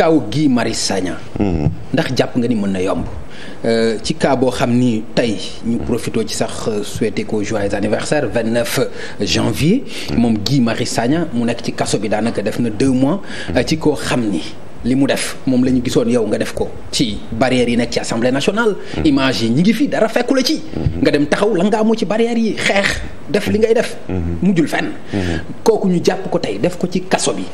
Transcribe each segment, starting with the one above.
kaaw Guy Marius Sagna mm-hmm. ndax jàpp nga ni mën na yomb euh, ci cas boo xam ni tey ñu profité ci sax euh, souhaité ko joyeux anniversaire 29 janvier mm-hmm. moom Guy Marius Sagna mu nekk ci kaso bi daanaka def na deux mois mm-hmm. euh, ci koo xam ni li mu def moom la ñu gisoon yow nga def ko ci barrières yi nekk ci assemblée nationale. Hmm. image yi ñi ngi fi dara fekku la ci. Hmm. nga dem taxaw la nga amoo ci barrières yi xeex def li ngay def. Hmm. mujjul fenn. kooku ñu jàpp ko tey def ko ci kaso bi.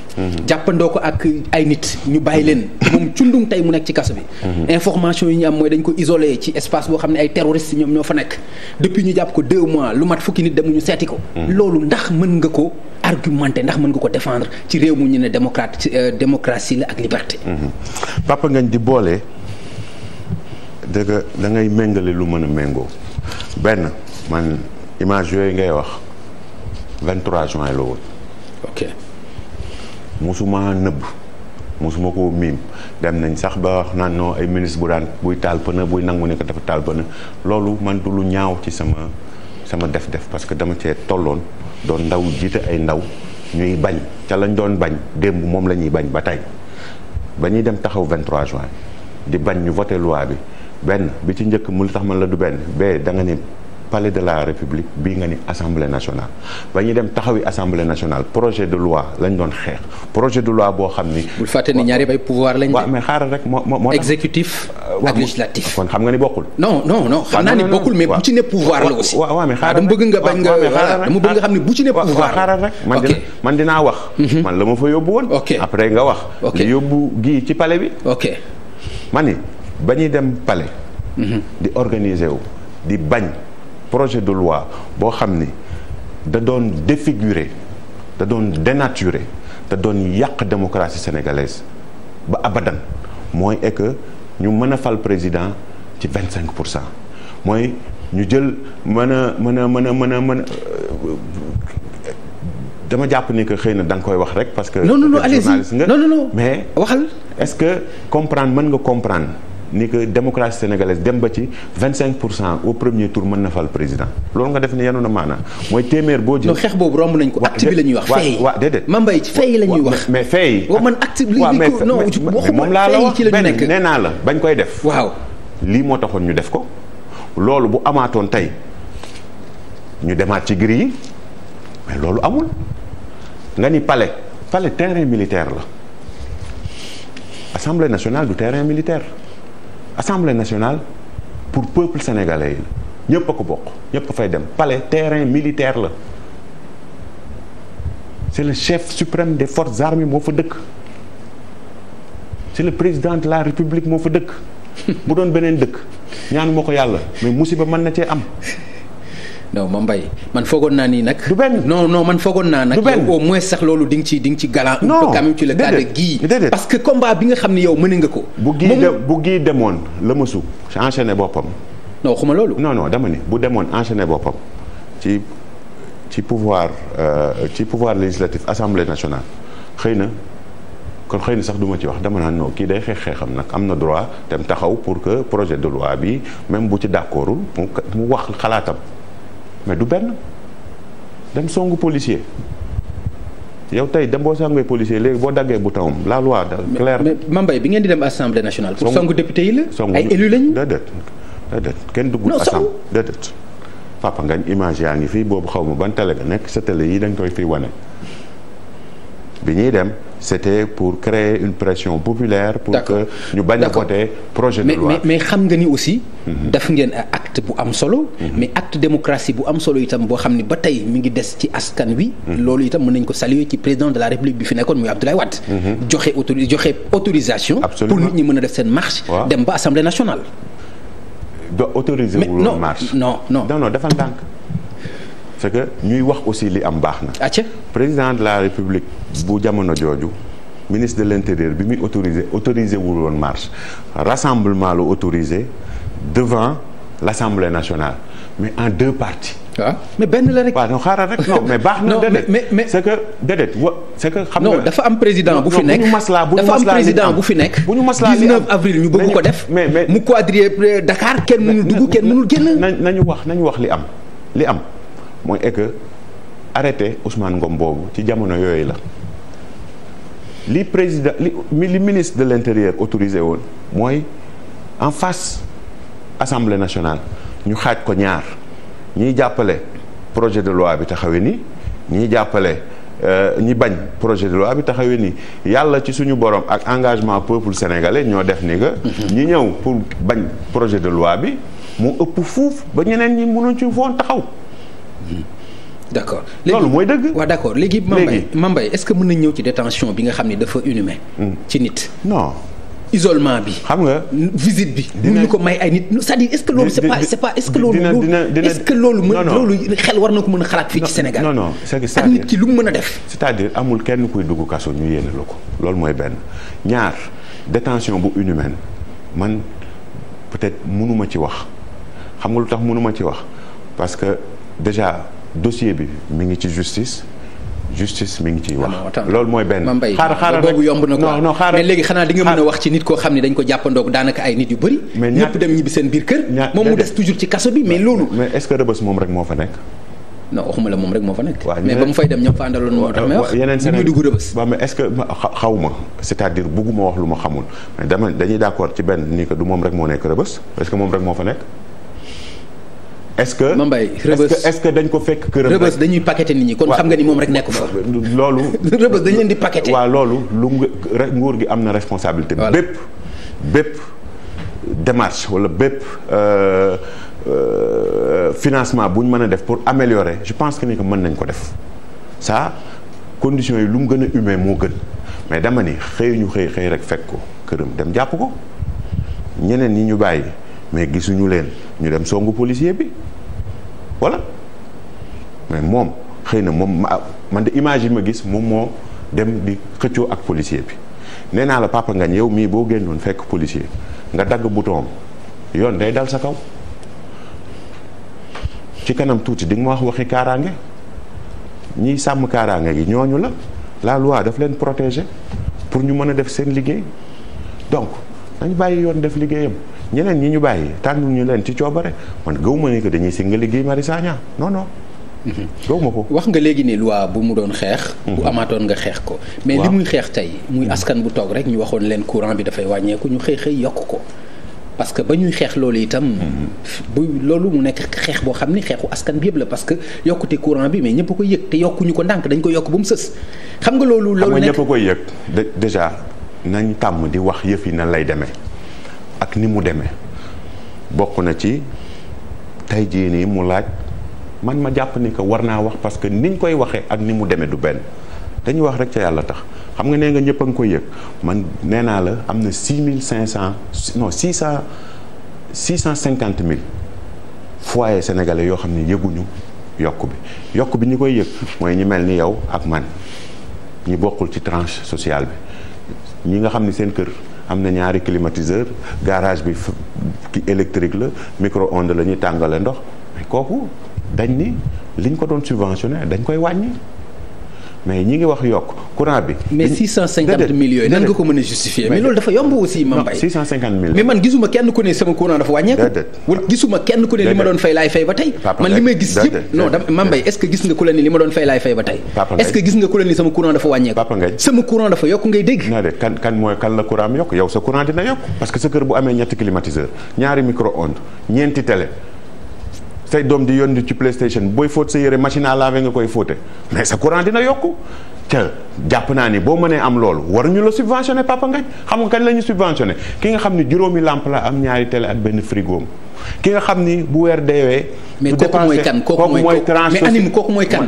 jàppandoo ko ak ay nit ñu bàyyi leen moom cundum tey mu nekk ci kaso bi. information yi ñu am mooy dañ ko isolé ci espace boo xam ne ay terroristes ñoom ñoo fa nekk depuis ñu jàpp ko deux mois lu mat fukki nit demuñu seeti ko. loolu ndax mën argumenté ndax mën nga ko defendre ci réew mu ñu ne démocrate ci euh, démocratie la ak liberté. Mhm. papa ngañ di boole dëgg da ngay méngale lu mën a méngoo benn man image yooyu ngay wax 23 juin la woon. nëbb musuma ko miim dem nañ sax ba wax naan non ay ministre bu daan buy taal pëna buy nangu ne ko dafa taal pëna loolu man du lu ñaaw ci sama sama def-def parce que dama cee tolloon. doon ndaw jiite ay ndaw ñuy bañ ca lañ doon bañ démb moom la ñuy bañ ba tey ba ñuy dem taxaw 23 juin di bañ ñu voté loi bi benn bi ci njëkk mu li tax man la du benn bee da nga ne palais de la république bii nga ni assemblée nationale ba ñuy dem taxawi assemblée nationale projet de loi lañ doon xeex projet de loi boo xam ni. bul fàtte ni ñaari bay pouvoir lañ. waaw mais xaaral rek moo moo exécutif euh, ak législatif kon xam xam naa ni bokkul mais bu ci ne pouvoir la aussi. waaw waaw mais xaaral dama bëgg nga bañ nga dama bëgg nga ne bu ci ne pouvoir man dina man wax. Mhm. man la ma fa yóbbu woon. ok après nga wax. ok yóbbu gii ci pale bi. ok man ni ba dem palais. Mhm. di organiser wu di bañ. projet de loi boo xam ni da doon défigurer da doon dénaturer da doon yàq démocratie sénégalaise ba abadan mooy est que ñu mën a fal président ci vingt cinq pour cent mooy ñu jël mën a mën a mën a mën a mën a euh, dama jàpp ni que xëy na danga koy wax rek. parce que non non non allez-y mais waxal est-ce que comprendre mën nga comprendre. ni que démocratie sénégalaise dem ba ci cinq pour cent au premier tour mën na fal président loolu nga def ni yanu na maanaam mooy téeméer boo jël. non xeex boobu romb nañ ko. acte bi la ñuy wax fee yi waaw déedéet. Mbaye ci fee yi la ñuy wax. mais fee yi. waaw man acte bi la bañ koy def. waaw lii moo taxoon ñu def ko. loolu bu amaatoon tey ñu demaat ci giri yi mais loolu amul nga ni palais palais terrain militaire la assemblée nationale du terrain militaire. assemblée nationale pour peuple sénégalais yi la ñëpp a ko bokk ñëpp a fay dem pale terrain militaire la c'est le chef suprême des forces armées moo fa dëkk c'est le président de la république moo fa dëkk bu doon beneen dëkk ñaan moo ko yàlla mais musiba mën na cee am ma mbay man foogoon naa nii nag. du benn non non man foogoon naa nag. du benn mooy moins sax loolu di nga ci di nga ci galant. non un peu quand ci le cas de parce que combat bi nga xam ne yow mëne nga ko. bu Guy de demoon la ma su enchaîné boppam. non waxuma loolu. non non dama ni bu demoon enchaîné boppam ci ci pouvoir euh, ci pouvoir législatif assemblée nationale xëy na. kon xëy na sax duma ma ci wax dama naan non kii day xeex xeexam nag am na droit dem taxaw pour que projet de loi bi même bu ci d'accordul mu wax xalaatam mais du benn dem songu policier yow tey dem boo sàngee policier léegi boo daggee bu tawam la waa da claire. mais Mambay bi ngeen di dem assemblée nationale. pour songu député yi la. songu ay élus lañu. déedéet déedéet kenn duggul. assemblée déedéet. papa ngañ image yaa ngi fii boobu xaw ma ban tele nga nekk sa télé yi dañ koy fii wane. bi ñuy dem c'était pour créer une pression populaire pour que ñu bañ a voter projet de loi mais xam nga ni aussi mhm. daf ngeen acte bu am solo mhm. mais acte démocratie bu am solo itam boo xam ni ba tey mu ngi des ci askan wi mhm. loolu itam mën nañ ko saluer ci président de la république bi fi nekkoon muy Abdoulaye Wade joxe autori joxe autorisation pour nit ñi mën a def seen marche dem ba assemblée nationale do autorisé wul marche non c'est que ñuy wax aussi li am baax na président de la république bu jamono jooju ministre de l'intérieur bi muy autorisé autorisé wul woon marche rassemblement lu autorisé devant l'assemblée nationale mais en deux parties ah. mais benn la rek. waaw non xaaral rek non mais baax na. déedéet mais mais c'est que déedéet dafa am président bu fi nekk bu ñu maslaa bu ñu maslaa dafa bu fi nekk. bu ñu maslaa avril ñu bëgg ko def. mais mais mu quadriller euh, Dakar kenn mënul dugg kenn mënul génn. nañu wax nañu wax li am li am. mooy est que arrêté Ousmane Ngom boobu ci jamono yooyu la li président li ministre de l'intérieur autorisé woon mooy en face assemblée nationale ñu xaaj ko ñaar ñiy jàppale projet de loi bi taxawee ni ñiy jàppale euh, ñi bañ projet de loi bi taxawee ni yàlla ci suñu borom ak engagement peuple sénégalais ñoo def ni que. Mhm. ñi ñëw pour bañ projet de loi bi mu ëpp fuuf ba ñeneen ñi mënuñ ci woon taxaw. Hmm. d' accord loolu mooy dëgg. waaw d' accord léegi Mambay Mambay est ce que mën na ñëw ci détention bi nga xam ni dafa inhumain. Hmm. ci nit. non isolement bi. xam nga visite bi. dina ñu ko may ay nit c'est-à-dire est ce que loolu. c'est pas est ce que loolu. loolu xel war na ko mën a xalaat fii ci Sénégal. non non ak nit ki lu mu mën a def. c' est à dire amul kenn kuy dugg kaso ñu yéene la ko loolu mooy benn ñaar détention bu inhumaine man peut être mënuma ci wax xam nga lu tax mënuma ci wax parce que. déjà dossier bi mi ngi ci justice justice mi ngi ciy wax. Ah, loolu mooy benn. xaaral xaaral boobu yomb na ko non mais léegi xanaa di nga wax ci nit koo xam ne dañ ko jàppandoog daanaka ay nit yu bëri. mais ñëpp dem ñibbi seen biir kër. moom mu des toujours ci kaso bi mais loolu. mais est-ce moo moo fa nekk. mais ba mu fay dem ñoom fa àndaloon moo xaw ma c'est-à-dire bugguma wax lu ma xamul mais dama dañuy d'accord ci benn ni que du moom rek moo nekk rëbës est que moom rek moo fa nekk est-ce que Mbaye est-ce que dañ ko fekk këram. Rebeuss dañuy paqueté nit ñi kon xam nga ni moom rek nekk fa. loolu. Rebeuss dañ leen di paqueté. waaw loolu lu nguur gi am na responsabilité. bépp bépp démarche wala bépp euh, euh, financement bu ñu mën a def pour améliorer je pense que ni que mën nañ ko def saa conditions yi lu mu gën a humain moo gën mais dama ni xëy ñu xëy xëy rek fekk ko këram dem jàpp ko ñeneen ñi ñu bàyyi. mais gisuñu leen ñu dem songu policier bi voilà mais moom xëy na moom ma man de image yi ma gis moom moo dem di xëccoo ak policier bi nee naa la Papa Ngagne yow mii boo génnoon fekk policier nga dagg bouton yoon day dal sa kaw ci kanam tuuti di nga ma wax waxi kaaraange ñiy sàmm kaaraange gi ñooñu la la loi daf leen protéger pour ñu mën a def seen liggéey donc dañ bàyyi yoon def liggéeyam ñeneen ñi ñu bàyyi tànn ñu leen ci coobare man gëwuma ni que dañuy singali Guy Marius Sagna non non. Mhm. gëwuma ko. wax nga léegi lu waa bu mu doon xeex. bu mhm. amaatoon nga xeex ko. mais li muy xeex tey. muy mhm. askan bu toog rek ñu waxoon leen courant bi dafay wàññeeku ñu xëy xëy yokk ko. parce que ba ñuy xeex loolu itam. bu loolu mu nekk xeex boo xam ni xeexu askan bi yëpp la parce que yokkute courant bi mais ñëpp a koy yëg te yokkuñu ko ndànk dañ ko yokk ba mu sës. xam nga loolu loolu nekk xam nga ñëpp a koy yëg déjà nañ tàmm di wax yëf yi nan lay demee. ni mu demee bokk na ci tey jii nii mu laaj man ma jàpp ni que war naa wax parce que niñ koy waxee ak ni mu demee du benn dañuy wax rek ca yàlla tax xam nga nee nga ñëpp a ngi koy yëg man nee naa la am na six mille cinq cent non six cent six cent cinquante mille foyer sénégalais yoo xam ne yëguñu yokk bi yokk bi ñu koy yëg mooy ñu mel ni yow ak man ñu bokkul ci tranche sociale bi ñi nga xam ne seen kër am na ñaari climatiseur garage bi ki électrique la micro onde la ñuy tàngale ndox kooku dañ ni liñ ko doon subventionné dañ koy wàññi mais ñi ngi wax yokk courant bi. mais 650 000 yooyu nan nga ko mën a justifier mais loolu dafa yomb aussi ma mbay. 650 000 mais man gisuma kenn ku ne sama courant dafa wàññeeku. wala gisuma sama courant dafa yokk ngay dégg. naa de kan mooy kan la courant yokk yow sa courant dina yokk parce que sa kër bu amee ñetti climatiseur ñaari micro onde ñeenti télé say doom di yónni ci PlayStation booy fóot sa yére machine à laver nga koy fóote mais sa courant dina yokk te jàpp naa ni boo mënee am loolu waruñu la subventionné papa ngañ xam nga kañ la ñu subventionné nga xam ni juróomi lampe la am ñaari télé ak benn frigoom ki nga xam ni bu weer deewee. mais kooku mooy kan kooku mooy tranche mooy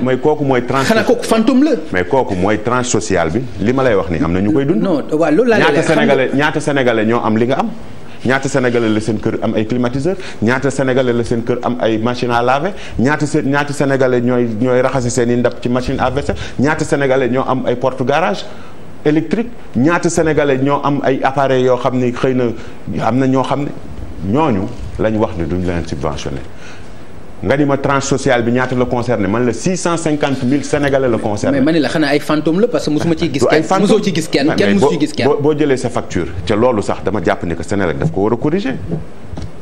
mooy kooku mooy tranche xanaa kooku mais kooku mooy sociale bi li ma lay wax nii am na ñu koy dund. non laa lay ñaata sénégalais ñaata ñoo am li nga am. ñaata sénégalais la seen kër am ay climatiseur ñaata sénégalais la seen kër am ay machine à laver ñaata ñaata sénégalais ñooy ñooy raxase seen i ndab ci machine à vaisselle ñaata sénégalais ñoo am ay porte garage électrique ñaata sénégalais ñoo am ay appareils yoo xam ni xëy na am na ñoo xam ne ñooñu lañ wax ni duñ leen subventionné nga ni ma tranche sociale bi ñaata la concerné man la 650 000 sénégalais la concerné. mais ma ne la xanaa ay fantôme la parce que mosuma ciy gis. ay fantôme mosoo ci gis kenn kenn ci gis kenn. boo boo jëlee sa facture ca loolu sax dama jàpp ne que Sénélec daf ko war a corriger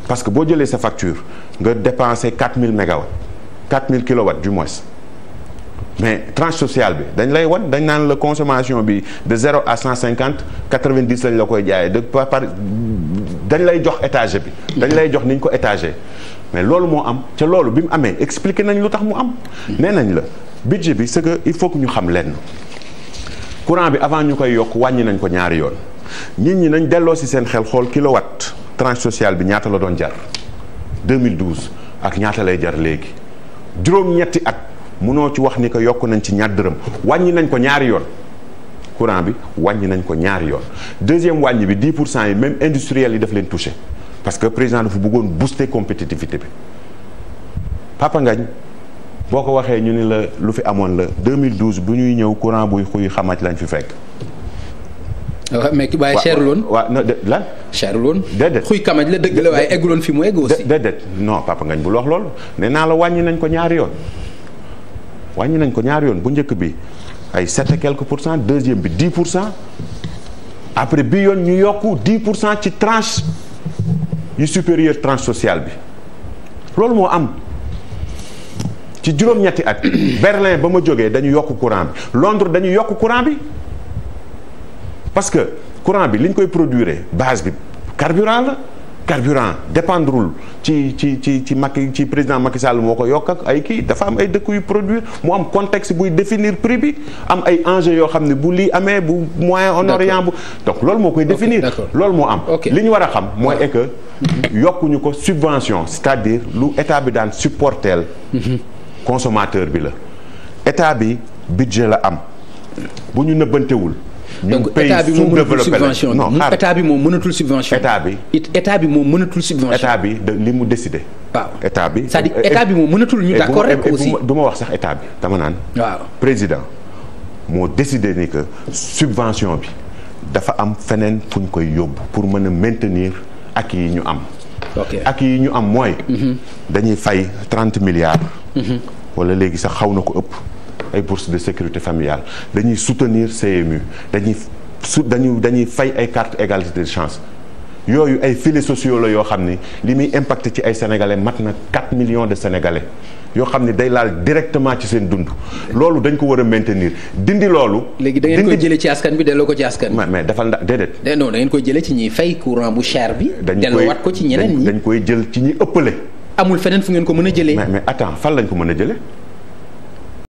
parce que boo jëlee sa facture nga dépensé 4000 mégawatts 4000 kilowatts du moins mais tranche sociale bi dañ lay wan dañ naan la consommation bi de 0 à 150 90 lañ la koy jaaye de par dañ lay jox étagé bi. dañ lay jox ni ko étagé. mais loolu moo am ca loolu bi mu amee expliqué nañ lu tax mu am. nee nañ la budget bi c'est il faut que ñu xam lenn courant bi avant ñu koy yokk wàññi nañ ko ñaari yoon nit ñi nañ delloo si seen xel xool kilowatt tranche sociale bi ñaata la doon jar 2012 ak ñaata lay jar léegi juróom-ñetti at mënoo ci wax ni ko yokk nañ ci ñaar dërëm wàññi nañ ko ñaari yoon. courant bi wàññi nañ ko ñaari yoon deuxième wàññi bi 10 pour cent yi même industriel yi daf leen touché parce que président dafa bëggoon booster compétitivité bi Papa ngañ boo ko waxee ñu ni la lu fi amoon la 2012 bu ñuy ñëw courant buy xuy xamaj lañ fi fekk. waaw euh, mais waaye cherul loon waaw non de lan. cherul woon. déedéet xuy xamaj la dëgg la waaye eggul woon fi mu egg aussi. déedéet non Papa Ngagne bul wax lool nee naa la wàññi nañ ko ñaari yoon wàññi nañ ko ñaari yoon bu njëkk bi ay 7 et quelques pour cent deuxième bi 10 pour cent après bi yoon ñu yokku 10 pour cent ci tranche. yu supérieur tranche sociale bi loolu moo am ci juróom-ñetti at Berlin ba ma jógee dañu yokk courant bi Londres dañu yokk courant bi parce que courant bi li ñu koy produire base bi carburant la carburant dépendrul ci ci ci ci Macky ci président Macky Sall moo ko yokk ak ay kii dafa am ay dëkk yu produire mu am contexte buy définir prix bi am ay enjeux yoo xam ne bu lii amee bu moyen honorien bu donc loolu moo koy définir loolu moo am li ñu war a xam mooy est que yokkuñu ko subvention c'est-à-dire lu état bi daan supporteel mhm. consommateur bi la état bi budget la am bu ñu nëbbantewul donc état bi moom mënatul subvention état bi moom mënatul subvention état bi état bi moom mënatul subvention état bi li mu décidé waaw état bi c'est-à-dire état bi moom mënatul ñu d'accord rek aussi du ma wax sax état bi dama naan waaw président moo décidé ni que subvention bi dafa am feneen fu ñu koy yóbbu pour mën a maintenir ak yi ñu am ak yi ñu am mooy mhm. dañuy fay trente milliards mhm. wala léegi sax xaw na ko ëpp ay bourse de sécurité familiale dañuy soutenir CMU dañuy su dañuy dañuy fay ay carte égalité de chance yooyu ay filets sociaux la yoo xam ni li muy impacté ci ay sénégalais mat na 4 millions de sénégalais yoo xam ni day laal directement ci seen dund. loolu dañ ko war a maintenir dindi loolu. léegi da ngeen koy jëlee ci askan bi delloo ko ci askan bi. defal dafal ndax déedéet. Eh non da ngeen koy jëlee ci ñiy fay courant bu cher bi. dañ koy ko ci ñeneen ñi dañ koy jël ci ñi ëppale. amul feneen fu ngeen ko mën a jëlee. mais mais attends fan lañ ko mën a